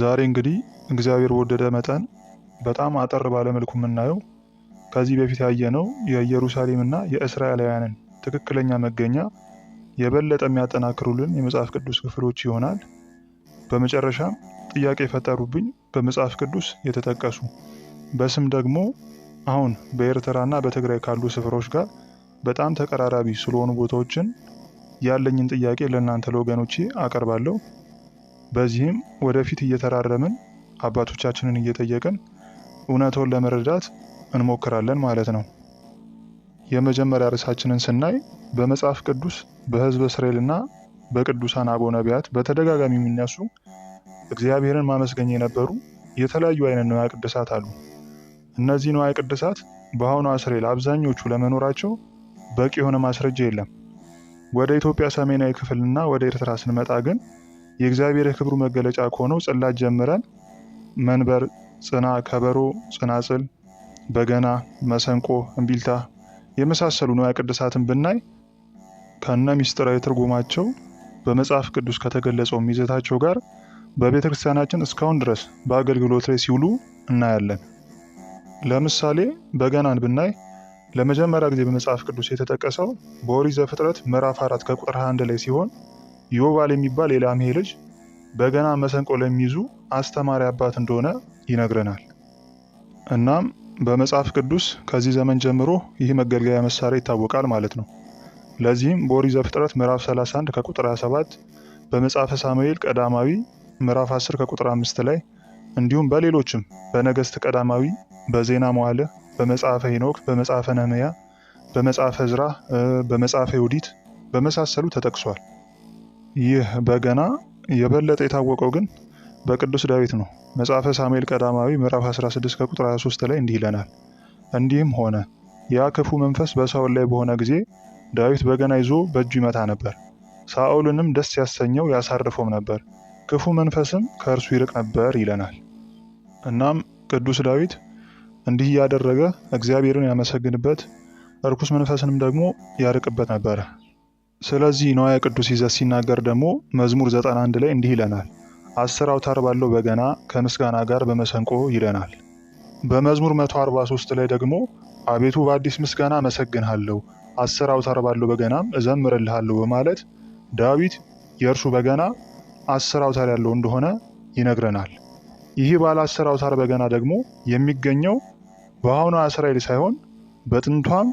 ዛሬ እንግዲህ እግዚአብሔር በወደደ መጠን በጣም አጠር ባለ መልኩ የምናየው ከዚህ በፊት ያየነው የኢየሩሳሌምና የእስራኤላውያንን ትክክለኛ መገኛ የበለጠ የሚያጠናክሩልን የመጽሐፍ ቅዱስ ክፍሎች ይሆናል። በመጨረሻም ጥያቄ የፈጠሩብኝ በመጽሐፍ ቅዱስ የተጠቀሱ በስም ደግሞ አሁን በኤርትራና በትግራይ ካሉ ስፍራዎች ጋር በጣም ተቀራራቢ ስለሆኑ ቦታዎችን ያለኝን ጥያቄ ለእናንተ ለወገኖቼ አቀርባለሁ። በዚህም ወደፊት እየተራረምን አባቶቻችንን እየጠየቅን እውነቱን ለመረዳት እንሞክራለን ማለት ነው። የመጀመሪያ ርዕሳችንን ስናይ በመጽሐፍ ቅዱስ በሕዝበ እስራኤልና በቅዱሳን አቦ ነቢያት በተደጋጋሚ የሚነሱ እግዚአብሔርን ማመስገኝ የነበሩ የተለያዩ አይነት ንዋየ ቅድሳት አሉ። እነዚህ ንዋየ ቅድሳት በአሁኑ እስራኤል አብዛኞቹ ለመኖራቸው በቂ የሆነ ማስረጃ የለም። ወደ ኢትዮጵያ ሰሜናዊ ክፍልና ወደ ኤርትራ ስንመጣ ግን የእግዚአብሔር የክብሩ መገለጫ ከሆነው ጽላት ጀምረን መንበር፣ ጽና፣ ከበሮ፣ ጽናጽል፣ በገና፣ መሰንቆ፣ እምቢልታ የመሳሰሉ ንዋየ ቅድሳትን ብናይ ከነ ሚስጥራዊ ትርጉማቸው በመጽሐፍ ቅዱስ ከተገለጸው ይዘታቸው ጋር በቤተ ክርስቲያናችን እስካሁን ድረስ በአገልግሎት ላይ ሲውሉ እናያለን። ለምሳሌ በገናን ብናይ ለመጀመሪያ ጊዜ በመጽሐፍ ቅዱስ የተጠቀሰው በኦሪት ዘፍጥረት ምዕራፍ አራት ከቁጥር 21 ላይ ሲሆን ዮባል የሚባል የላሜ ልጅ በገና መሰንቆ ለሚይዙ አስተማሪ አባት እንደሆነ ይነግረናል። እናም በመጽሐፍ ቅዱስ ከዚህ ዘመን ጀምሮ ይህ መገልገያ መሳሪያ ይታወቃል ማለት ነው። ለዚህም በኦሪት ዘፍጥረት ምዕራፍ 31 ከቁጥር 27 በመጽሐፈ ሳሙኤል ቀዳማዊ ምዕራፍ 10 ከቁጥር 5 ላይ እንዲሁም በሌሎችም በነገስት ቀዳማዊ፣ በዜና መዋለ፣ በመጽሐፈ ሄኖክ፣ በመጽሐፈ ነህምያ፣ በመጽሐፈ ዕዝራ፣ በመጽሐፈ ይሁዲት በመሳሰሉ ተጠቅሷል። ይህ በገና የበለጠ የታወቀው ግን በቅዱስ ዳዊት ነው። መጽሐፈ ሳሙኤል ቀዳማዊ ምዕራፍ 16 ከቁጥር 23 ላይ እንዲህ ይለናል፣ እንዲህም ሆነ ያ ክፉ መንፈስ በሳኦል ላይ በሆነ ጊዜ ዳዊት በገና ይዞ በእጁ ይመታ ነበር፣ ሳኦልንም ደስ ያሰኘው ያሳርፎም ነበር፣ ክፉ መንፈስም ከእርሱ ይርቅ ነበር ይለናል። እናም ቅዱስ ዳዊት እንዲህ እያደረገ እግዚአብሔርን ያመሰግንበት፣ እርኩስ መንፈስንም ደግሞ ያርቅበት ነበረ። ስለዚህ ንዋየ ቅዱስ ይዘት ሲናገር ደግሞ መዝሙር 91 ላይ እንዲህ ይለናል፣ አስር አውታር ባለው በገና ከምስጋና ጋር በመሰንቆ ይለናል። በመዝሙር 143 ላይ ደግሞ አቤቱ በአዲስ ምስጋና አመሰግንሃለሁ፣ አስር አውታር ባለው በገናም እዘምርልሃለሁ በማለት ዳዊት የእርሱ በገና አስር አውታር ያለው እንደሆነ ይነግረናል። ይህ ባለ አስር አውታር በገና ደግሞ የሚገኘው በአሁኗ እስራኤል ሳይሆን በጥንቷም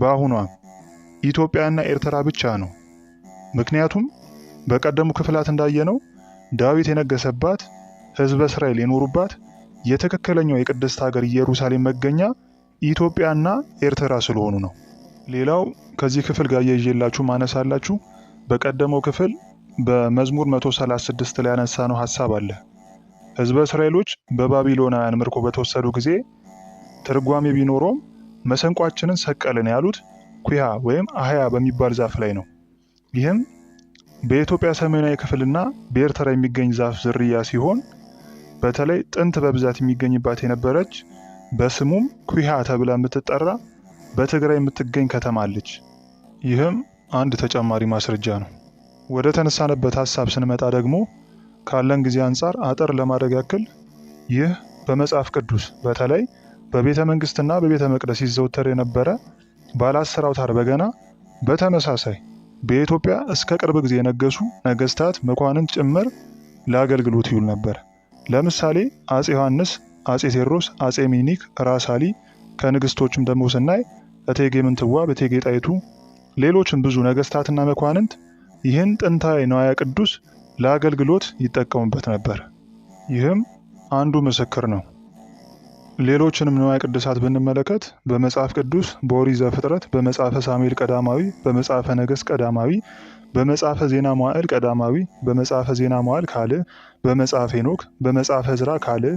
በአሁኗም ኢትዮጵያና ኤርትራ ብቻ ነው። ምክንያቱም በቀደሙ ክፍላት እንዳየነው ዳዊት የነገሰባት ህዝብ እስራኤል የኖሩባት የትክክለኛው የቅድስት ሀገር ኢየሩሳሌም መገኛ ኢትዮጵያና ኤርትራ ስለሆኑ ነው። ሌላው ከዚህ ክፍል ጋር የይዤላችሁ ማነሳላችሁ በቀደመው ክፍል በመዝሙር 136 ላይ ነው ሀሳብ አለ። ህዝብ እስራኤሎች በባቢሎናውያን ምርኮ በተወሰዱ ጊዜ ትርጓሜ ቢኖረውም መሰንቋችንን ሰቀልን ያሉት ኩያ ወይም አህያ በሚባል ዛፍ ላይ ነው። ይህም በኢትዮጵያ ሰሜናዊ ክፍልና በኤርትራ የሚገኝ ዛፍ ዝርያ ሲሆን በተለይ ጥንት በብዛት የሚገኝባት የነበረች በስሙም ኩያ ተብላ የምትጠራ በትግራይ የምትገኝ ከተማ አለች። ይህም አንድ ተጨማሪ ማስረጃ ነው። ወደ ተነሳንበት ሀሳብ ስንመጣ ደግሞ ካለን ጊዜ አንጻር አጠር ለማድረግ ያክል ይህ በመጽሐፍ ቅዱስ በተለይ በቤተ መንግስትና በቤተ መቅደስ ይዘወተር የነበረ ባለ አስር አውታር በገና በተመሳሳይ በኢትዮጵያ እስከ ቅርብ ጊዜ የነገሱ ነገስታት መኳንንት ጭምር ለአገልግሎት ይውል ነበር። ለምሳሌ አጼ ዮሐንስ፣ አጼ ቴዎድሮስ፣ አጼ ሚኒክ፣ ራስ አሊ ከንግስቶችም ደግሞ ስናይ እቴጌ ምንትዋብ፣ እቴጌ ጣይቱ፣ ሌሎችም ብዙ ነገስታትና መኳንንት ይህን ጥንታዊ ንዋየ ቅዱስ ለአገልግሎት ይጠቀሙበት ነበር። ይህም አንዱ ምስክር ነው። ሌሎችንም ንዋየ ቅድሳት ብንመለከት በመጽሐፍ ቅዱስ በኦሪት ዘፍጥረት፣ በመጽሐፈ ሳሙኤል ቀዳማዊ፣ በመጽሐፈ ነገሥት ቀዳማዊ፣ በመጽሐፈ ዜና መዋዕል ቀዳማዊ፣ በመጽሐፈ ዜና መዋዕል ካልዕ፣ በመጽሐፈ ሄኖክ፣ በመጽሐፈ ዕዝራ ካልዕ፣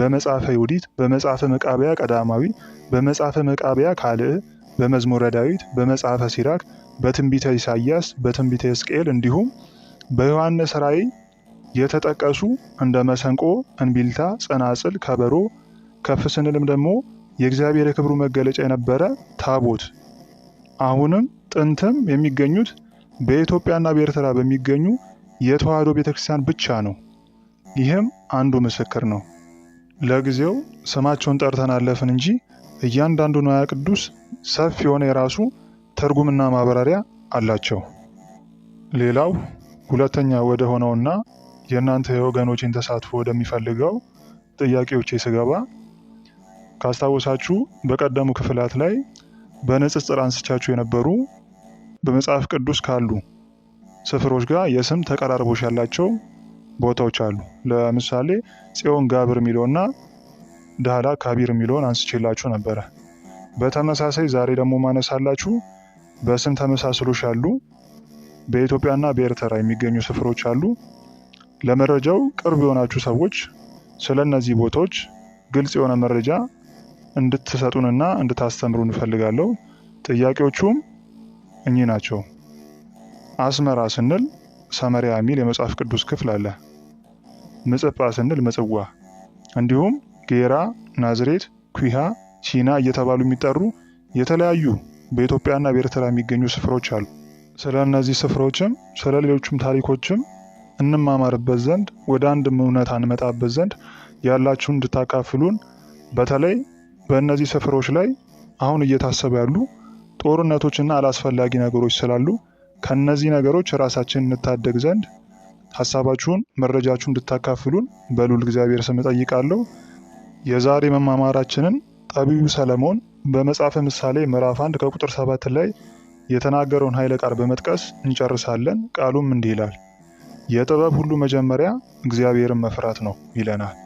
በመጽሐፈ ዩዲት፣ በመጽሐፈ መቃብያ ቀዳማዊ፣ በመጽሐፈ መቃብያ ካልዕ፣ በመዝሙረ ዳዊት፣ በመጽሐፈ ሲራክ፣ በትንቢተ ኢሳይያስ፣ በትንቢተ ሕዝቅኤል እንዲሁም በዮሐንስ ራእይ የተጠቀሱ እንደ መሰንቆ፣ እንቢልታ፣ ጸናጽል፣ ከበሮ ከፍ ስንልም ደግሞ የእግዚአብሔር የክብሩ መገለጫ የነበረ ታቦት አሁንም ጥንትም የሚገኙት በኢትዮጵያና በኤርትራ በሚገኙ የተዋህዶ ቤተክርስቲያን ብቻ ነው። ይህም አንዱ ምስክር ነው። ለጊዜው ስማቸውን ጠርተን አለፍን እንጂ እያንዳንዱ ንዋየ ቅዱስ ሰፊ የሆነ የራሱ ትርጉምና ማብራሪያ አላቸው። ሌላው ሁለተኛ ወደ ሆነውና የእናንተ የወገኖችን ተሳትፎ ወደሚፈልገው ጥያቄዎቼ ስገባ ካስታወሳችሁ በቀደሙ ክፍላት ላይ በንጽጽር አንስቻችሁ የነበሩ በመጽሐፍ ቅዱስ ካሉ ስፍሮች ጋር የስም ተቀራርቦች ያላቸው ቦታዎች አሉ። ለምሳሌ ጽዮን ጋብር የሚለውና ዳህላ ካቢር የሚለውን አንስቼላችሁ ነበረ። በተመሳሳይ ዛሬ ደግሞ ማነሳላችሁ በስም ተመሳስሎች አሉ። በኢትዮጵያና በኤርትራ የሚገኙ ስፍሮች አሉ። ለመረጃው ቅርብ የሆናችሁ ሰዎች ስለ እነዚህ ቦታዎች ግልጽ የሆነ መረጃ እንድትሰጡንና እንድታስተምሩ እንፈልጋለሁ። ጥያቄዎቹም እኚህ ናቸው። አስመራ ስንል ሰመሪያ የሚል የመጽሐፍ ቅዱስ ክፍል አለ። ምጽጳ ስንል ምጽዋ፣ እንዲሁም ጌራ፣ ናዝሬት፣ ኩሃ፣ ሲና እየተባሉ የሚጠሩ የተለያዩ በኢትዮጵያና በኤርትራ የሚገኙ ስፍራዎች አሉ። ስለ እነዚህ ስፍራዎችም ስለ ሌሎችም ታሪኮችም እንማማርበት ዘንድ ወደ አንድ እውነት አንመጣበት ዘንድ ያላችሁን እንድታካፍሉን በተለይ በእነዚህ ስፍራዎች ላይ አሁን እየታሰበ ያሉ ጦርነቶችና አላስፈላጊ ነገሮች ስላሉ ከነዚህ ነገሮች ራሳችን እንታደግ ዘንድ ሀሳባችሁን፣ መረጃችሁን እንድታካፍሉን በሉል እግዚአብሔር ስም እጠይቃለሁ። የዛሬ መማማራችንን ጠቢቡ ሰለሞን በመጽሐፈ ምሳሌ ምዕራፍ አንድ ከቁጥር ሰባት ላይ የተናገረውን ኃይለ ቃል በመጥቀስ እንጨርሳለን። ቃሉም እንዲህ ይላል፣ የጥበብ ሁሉ መጀመሪያ እግዚአብሔርን መፍራት ነው ይለናል።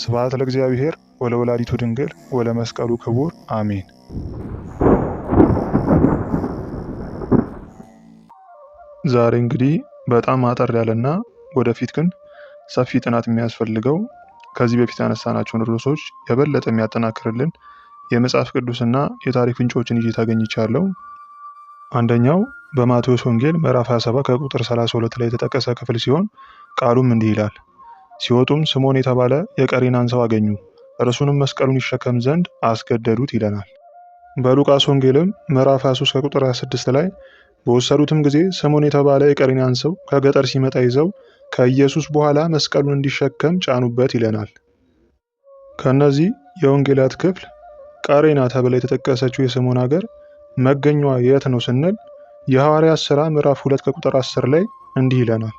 ስብሐት ለእግዚአብሔር ወለወላዲቱ ድንግል ወለመስቀሉ ክቡር አሜን። ዛሬ እንግዲህ በጣም አጠር ያለና ወደፊት ግን ሰፊ ጥናት የሚያስፈልገው ከዚህ በፊት ያነሳናቸውን ርዕሶች የበለጠ የሚያጠናክርልን የመጽሐፍ ቅዱስና የታሪክ ፍንጮችን ይዤ ታገኝቻለሁ። አንደኛው በማቴዎስ ወንጌል ምዕራፍ 27 ከቁጥር 32 ላይ የተጠቀሰ ክፍል ሲሆን ቃሉም እንዲህ ይላል ሲወጡም ስምዖን የተባለ የቀሬናን ሰው አገኙ፣ እርሱንም መስቀሉን ይሸከም ዘንድ አስገደዱት ይለናል። በሉቃስ ወንጌልም ምዕራፍ 23 ከቁጥር 26 ላይ በወሰዱትም ጊዜ ስምዖን የተባለ የቀሬናን ሰው ከገጠር ሲመጣ ይዘው ከኢየሱስ በኋላ መስቀሉን እንዲሸከም ጫኑበት ይለናል። ከእነዚህ የወንጌላት ክፍል ቀሬና ተብላ የተጠቀሰችው የስምዖን ሀገር መገኛዋ የት ነው ስንል የሐዋርያት ሥራ ምዕራፍ 2 ከቁጥር 10 ላይ እንዲህ ይለናል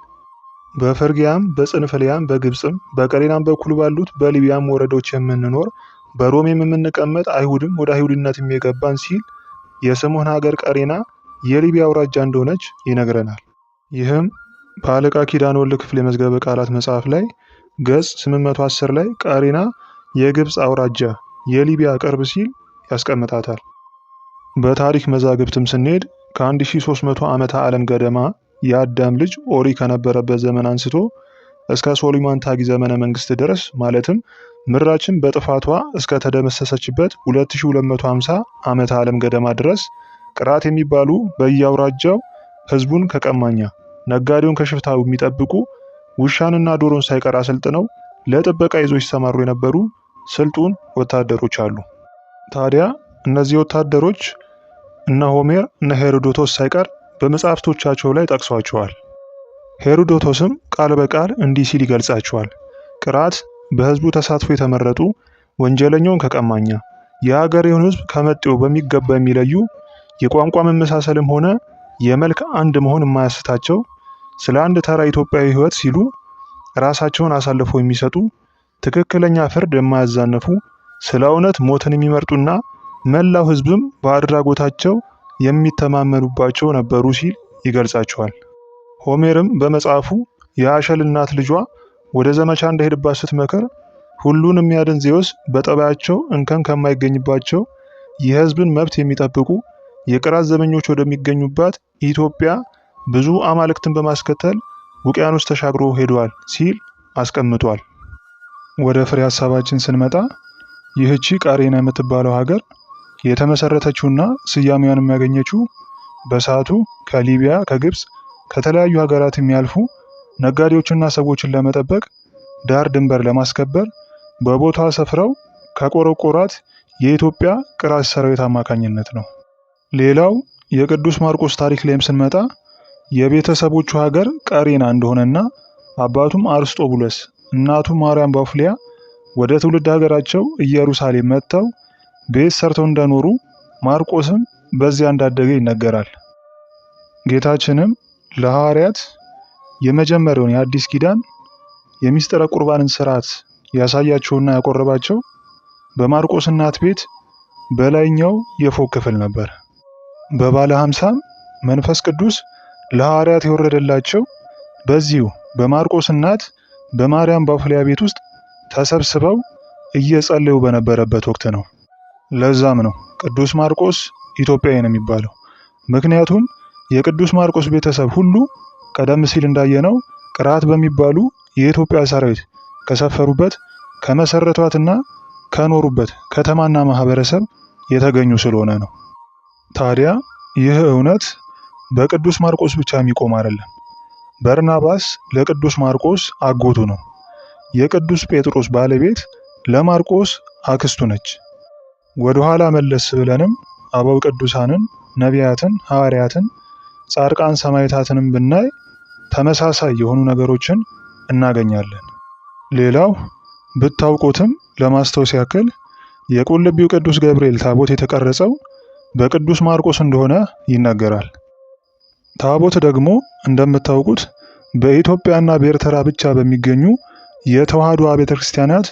በፍርግያም በጽንፍልያም በግብፅም በቀሌናም በኩል ባሉት በሊቢያም ወረዶች የምንኖር በሮሜም የምንቀመጥ አይሁድም ወደ አይሁድነትም የገባን ሲል የስምዖን ሀገር ቀሬና የሊቢያ አውራጃ እንደሆነች ይነግረናል። ይህም በአለቃ ኪዳን ወልድ ክፍል የመዝገበ ቃላት መጽሐፍ ላይ ገጽ 810 ላይ ቀሬና የግብፅ አውራጃ የሊቢያ ቅርብ ሲል ያስቀምጣታል። በታሪክ መዛግብትም ስንሄድ ከ1300 ዓመተ ዓለም ገደማ የአዳም ልጅ ኦሪ ከነበረበት ዘመን አንስቶ እስከ ሶሊማን ታጊ ዘመነ መንግስት ድረስ ማለትም ምድራችን በጥፋቷ እስከ ተደመሰሰችበት 2250 ዓመተ ዓለም ገደማ ድረስ ቅራት የሚባሉ በየአውራጃው ህዝቡን ከቀማኛ ነጋዴውን ከሽፍታው የሚጠብቁ ውሻንና ዶሮን ሳይቀር አሰልጥነው ለጥበቃ ይዞ ይሰማሩ የነበሩ ስልጡን ወታደሮች አሉ። ታዲያ እነዚህ ወታደሮች እነ ሆሜር እነ ሄሮዶቶስ ሳይቀር በመጻሕፍቶቻቸው ላይ ጠቅሷቸዋል። ሄሮዶቶስም ቃል በቃል እንዲህ ሲል ይገልጻቸዋል። ቅራት በህዝቡ ተሳትፎ የተመረጡ ወንጀለኛውን ከቀማኛ የሀገሬውን ህዝብ ከመጤው በሚገባ የሚለዩ የቋንቋ መመሳሰልም ሆነ የመልክ አንድ መሆን የማያስታቸው ስለ አንድ ተራ ኢትዮጵያዊ ሕይወት ሲሉ ራሳቸውን አሳልፎ የሚሰጡ ትክክለኛ ፍርድ የማያዛነፉ ስለ እውነት ሞትን የሚመርጡና መላው ህዝብም በአድራጎታቸው የሚተማመኑባቸው ነበሩ ሲል ይገልጻቸዋል። ሆሜርም በመጽሐፉ የአሸል እናት ልጇ ወደ ዘመቻ እንደሄድባት ስትመከር ሁሉን የሚያድን ዜውስ በጠባያቸው እንከን ከማይገኝባቸው የሕዝብን መብት የሚጠብቁ የቅራት ዘመኞች ወደሚገኙባት ኢትዮጵያ ብዙ አማልክትን በማስከተል ውቅያኖስ ተሻግሮ ሄደዋል ሲል አስቀምጧል። ወደ ፍሬ ሀሳባችን ስንመጣ ይህቺ ቃሬና የምትባለው ሀገር የተመሰረተችውና ስያሜዋን ያገኘችው በሰዓቱ ከሊቢያ ከግብፅ ከተለያዩ ሀገራት የሚያልፉ ነጋዴዎችና ሰዎችን ለመጠበቅ ዳር ድንበር ለማስከበር በቦታ ሰፍረው ከቆረቆራት የኢትዮጵያ ቅራስ ሰራዊት አማካኝነት ነው። ሌላው የቅዱስ ማርቆስ ታሪክ ላይም ስንመጣ የቤተሰቦቹ ሀገር ቀሬና እንደሆነና አባቱም አርስጦቡለስ እናቱ ማርያም ባፍሊያ ወደ ትውልድ ሀገራቸው ኢየሩሳሌም መጥተው ቤት ሰርተው እንደኖሩ ማርቆስም በዚያ እንዳደገ ይነገራል። ጌታችንም ለሐዋርያት የመጀመሪያውን የአዲስ ኪዳን የምሥጢረ ቁርባንን ስርዓት ያሳያቸውና ያቆረባቸው በማርቆስ እናት ቤት በላይኛው የፎቅ ክፍል ነበር። በባለ ሀምሳም መንፈስ ቅዱስ ለሐዋርያት የወረደላቸው በዚሁ በማርቆስ እናት በማርያም ባፍሊያ ቤት ውስጥ ተሰብስበው እየጸለዩ በነበረበት ወቅት ነው። ለዛም ነው ቅዱስ ማርቆስ ኢትዮጵያዊ ነው የሚባለው። ምክንያቱም የቅዱስ ማርቆስ ቤተሰብ ሁሉ ቀደም ሲል እንዳየነው ቅራት በሚባሉ የኢትዮጵያ ሰራዊት ከሰፈሩበት ከመሰረቷትና ከኖሩበት ከተማና ማህበረሰብ የተገኙ ስለሆነ ነው። ታዲያ ይህ እውነት በቅዱስ ማርቆስ ብቻ የሚቆም አይደለም። በርናባስ ለቅዱስ ማርቆስ አጎቱ ነው። የቅዱስ ጴጥሮስ ባለቤት ለማርቆስ አክስቱ ነች። ወደ ኋላ መለስ ብለንም አበው ቅዱሳንን፣ ነቢያትን፣ ሐዋርያትን፣ ጻድቃን ሰማዕታትንም ብናይ ተመሳሳይ የሆኑ ነገሮችን እናገኛለን። ሌላው ብታውቁትም ለማስታወስ ያክል የቁልቢው ቅዱስ ገብርኤል ታቦት የተቀረጸው በቅዱስ ማርቆስ እንደሆነ ይነገራል። ታቦት ደግሞ እንደምታውቁት በኢትዮጵያና በኤርትራ ብቻ በሚገኙ የተዋህዶ አቤተክርስቲያናት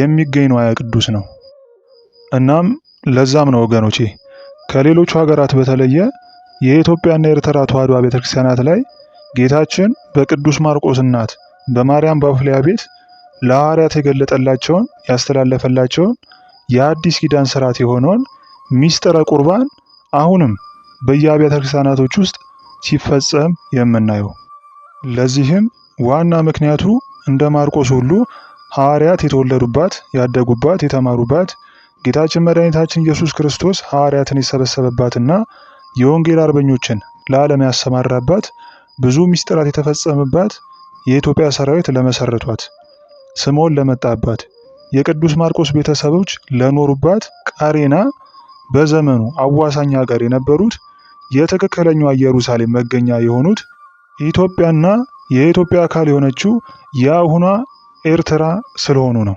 የሚገኝ ንዋየ ቅዱስ ነው። እናም ለዛም ነው ወገኖቼ ከሌሎቹ ሀገራት በተለየ የኢትዮጵያና የኤርትራ ተዋሕዶ አብያተ ክርስቲያናት ላይ ጌታችን በቅዱስ ማርቆስ እናት በማርያም ባፍሊያ ቤት ለሐዋርያት የገለጠላቸውን ያስተላለፈላቸውን የአዲስ ኪዳን ስርዓት የሆነውን ሚስጥረ ቁርባን አሁንም በየአብያተ ክርስቲያናቶች ውስጥ ሲፈጸም የምናየው። ለዚህም ዋና ምክንያቱ እንደ ማርቆስ ሁሉ ሐዋርያት የተወለዱባት፣ ያደጉባት፣ የተማሩባት ጌታችን መድኃኒታችን ኢየሱስ ክርስቶስ ሐዋርያትን የሰበሰበባትና የወንጌል አርበኞችን ለዓለም ያሰማራባት ብዙ ምስጢራት የተፈጸመባት የኢትዮጵያ ሰራዊት ለመሰረቷት፣ ስምዖን ለመጣባት፣ የቅዱስ ማርቆስ ቤተሰቦች ለኖሩባት ቃሬና በዘመኑ አዋሳኝ ሀገር የነበሩት የትክክለኛዋ ኢየሩሳሌም መገኛ የሆኑት ኢትዮጵያና የኢትዮጵያ አካል የሆነችው የአሁኗ ኤርትራ ስለሆኑ ነው።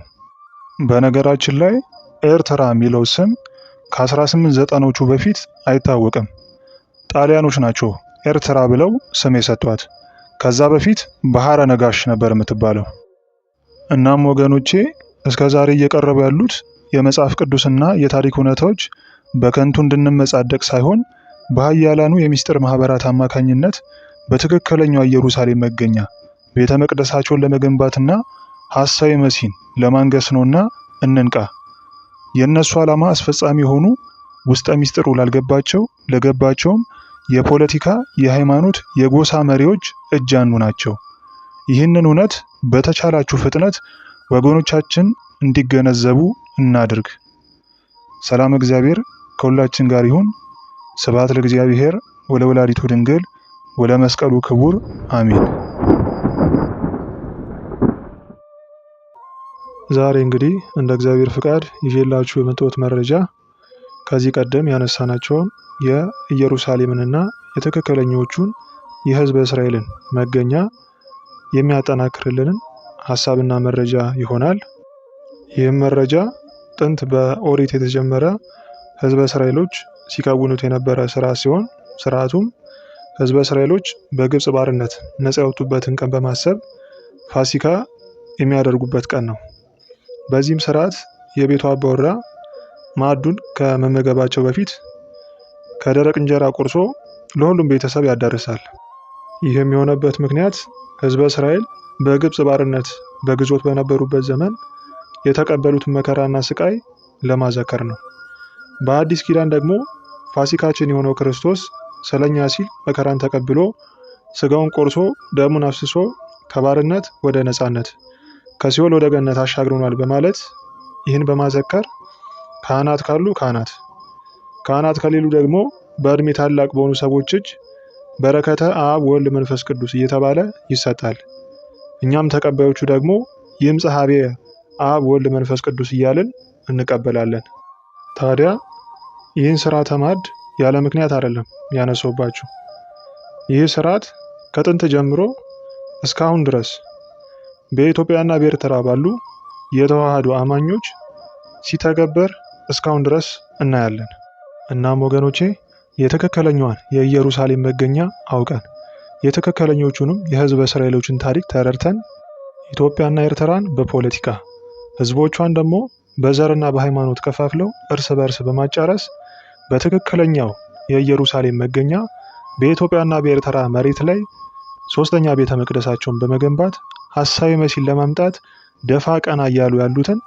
በነገራችን ላይ ኤርትራ የሚለው ስም ከ1890ዎቹ በፊት አይታወቅም። ጣሊያኖች ናቸው ኤርትራ ብለው ስም የሰጧት። ከዛ በፊት ባህረ ነጋሽ ነበር የምትባለው። እናም ወገኖቼ እስከ ዛሬ እየቀረቡ ያሉት የመጽሐፍ ቅዱስና የታሪክ እውነታዎች በከንቱ እንድንመጻደቅ ሳይሆን በሀያላኑ የሚስጥር ማህበራት አማካኝነት በትክክለኛው ኢየሩሳሌም መገኛ ቤተ መቅደሳቸውን ለመገንባትና ሐሳዊ መሲን ለማንገስ ነውና እንንቃ። የእነሱ ዓላማ አስፈጻሚ የሆኑ ውስጠ ሚስጥሩ ላልገባቸው ለገባቸውም የፖለቲካ፣ የሃይማኖት፣ የጎሳ መሪዎች እጅ ናቸው። ይህንን እውነት በተቻላችሁ ፍጥነት ወገኖቻችን እንዲገነዘቡ እናድርግ። ሰላም እግዚአብሔር ከሁላችን ጋር ይሁን። ስብሐት ለእግዚአብሔር ወለወላዲቱ ድንግል ወለመስቀሉ ክቡር አሜን። ዛሬ እንግዲህ እንደ እግዚአብሔር ፍቃድ ይዤላችሁ የመጣሁት መረጃ ከዚህ ቀደም ያነሳናቸውን የኢየሩሳሌምንና የተከከለኞቹን የሕዝበ እስራኤልን መገኛ የሚያጠናክርልንን ሀሳብና መረጃ ይሆናል። ይህም መረጃ ጥንት በኦሪት የተጀመረ ሕዝበ እስራኤሎች ሲከውኑት የነበረ ስራ ሲሆን ስርዓቱም ሕዝበ እስራኤሎች በግብፅ ባርነት ነፃ የወጡበትን ቀን በማሰብ ፋሲካ የሚያደርጉበት ቀን ነው። በዚህም ስርዓት የቤቷ አባወራ ማዕዱን ከመመገባቸው በፊት ከደረቅ እንጀራ ቆርሶ ለሁሉም ቤተሰብ ያዳርሳል። ይህም የሆነበት ምክንያት ህዝበ እስራኤል በግብፅ ባርነት በግዞት በነበሩበት ዘመን የተቀበሉትን መከራና ስቃይ ለማዘከር ነው። በአዲስ ኪዳን ደግሞ ፋሲካችን የሆነው ክርስቶስ ስለኛ ሲል መከራን ተቀብሎ ስጋውን ቆርሶ ደሙን አፍስሶ ከባርነት ወደ ነፃነት ከሲኦል ወደ ገነት አሻግሮናል በማለት ይህን በማዘከር ካህናት ካሉ ካህናት ካህናት ከሌሉ ደግሞ በእድሜ ታላቅ በሆኑ ሰዎች እጅ በረከተ አብ ወልድ መንፈስ ቅዱስ እየተባለ ይሰጣል። እኛም ተቀባዮቹ ደግሞ ይህም ጸሐቤ አብ ወልድ መንፈስ ቅዱስ እያልን እንቀበላለን። ታዲያ ይህን ስርዓተ ማዕድ ያለ ምክንያት አይደለም ያነሰውባችሁ። ይህ ስርዓት ከጥንት ጀምሮ እስካሁን ድረስ በኢትዮጵያና በኤርትራ ባሉ የተዋህዶ አማኞች ሲተገበር እስካሁን ድረስ እናያለን። እናም ወገኖቼ የትክክለኛዋን የኢየሩሳሌም መገኛ አውቀን የትክክለኞቹንም የህዝብ እስራኤሎችን ታሪክ ተረድተን ኢትዮጵያና ኤርትራን በፖለቲካ ህዝቦቿን ደግሞ በዘርና በሃይማኖት ከፋፍለው እርስ በርስ በማጫረስ በትክክለኛው የኢየሩሳሌም መገኛ በኢትዮጵያና በኤርትራ መሬት ላይ ሶስተኛ ቤተ መቅደሳቸውን በመገንባት ሐሳዊ መሲል ለማምጣት ደፋ ቀና እያሉ ያሉትን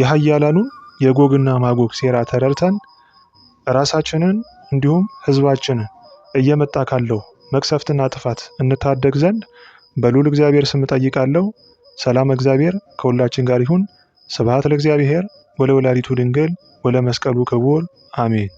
የሀያላኑን የጎግና ማጎግ ሴራ ተረድተን ራሳችንን እንዲሁም ህዝባችንን እየመጣ ካለው መቅሰፍትና ጥፋት እንታደግ ዘንድ በልዑል እግዚአብሔር ስም እጠይቃለሁ። ሰላም እግዚአብሔር ከሁላችን ጋር ይሁን። ስብሐት ለእግዚአብሔር ወለወላዲቱ ድንግል ወለመስቀሉ ክቡር አሜን።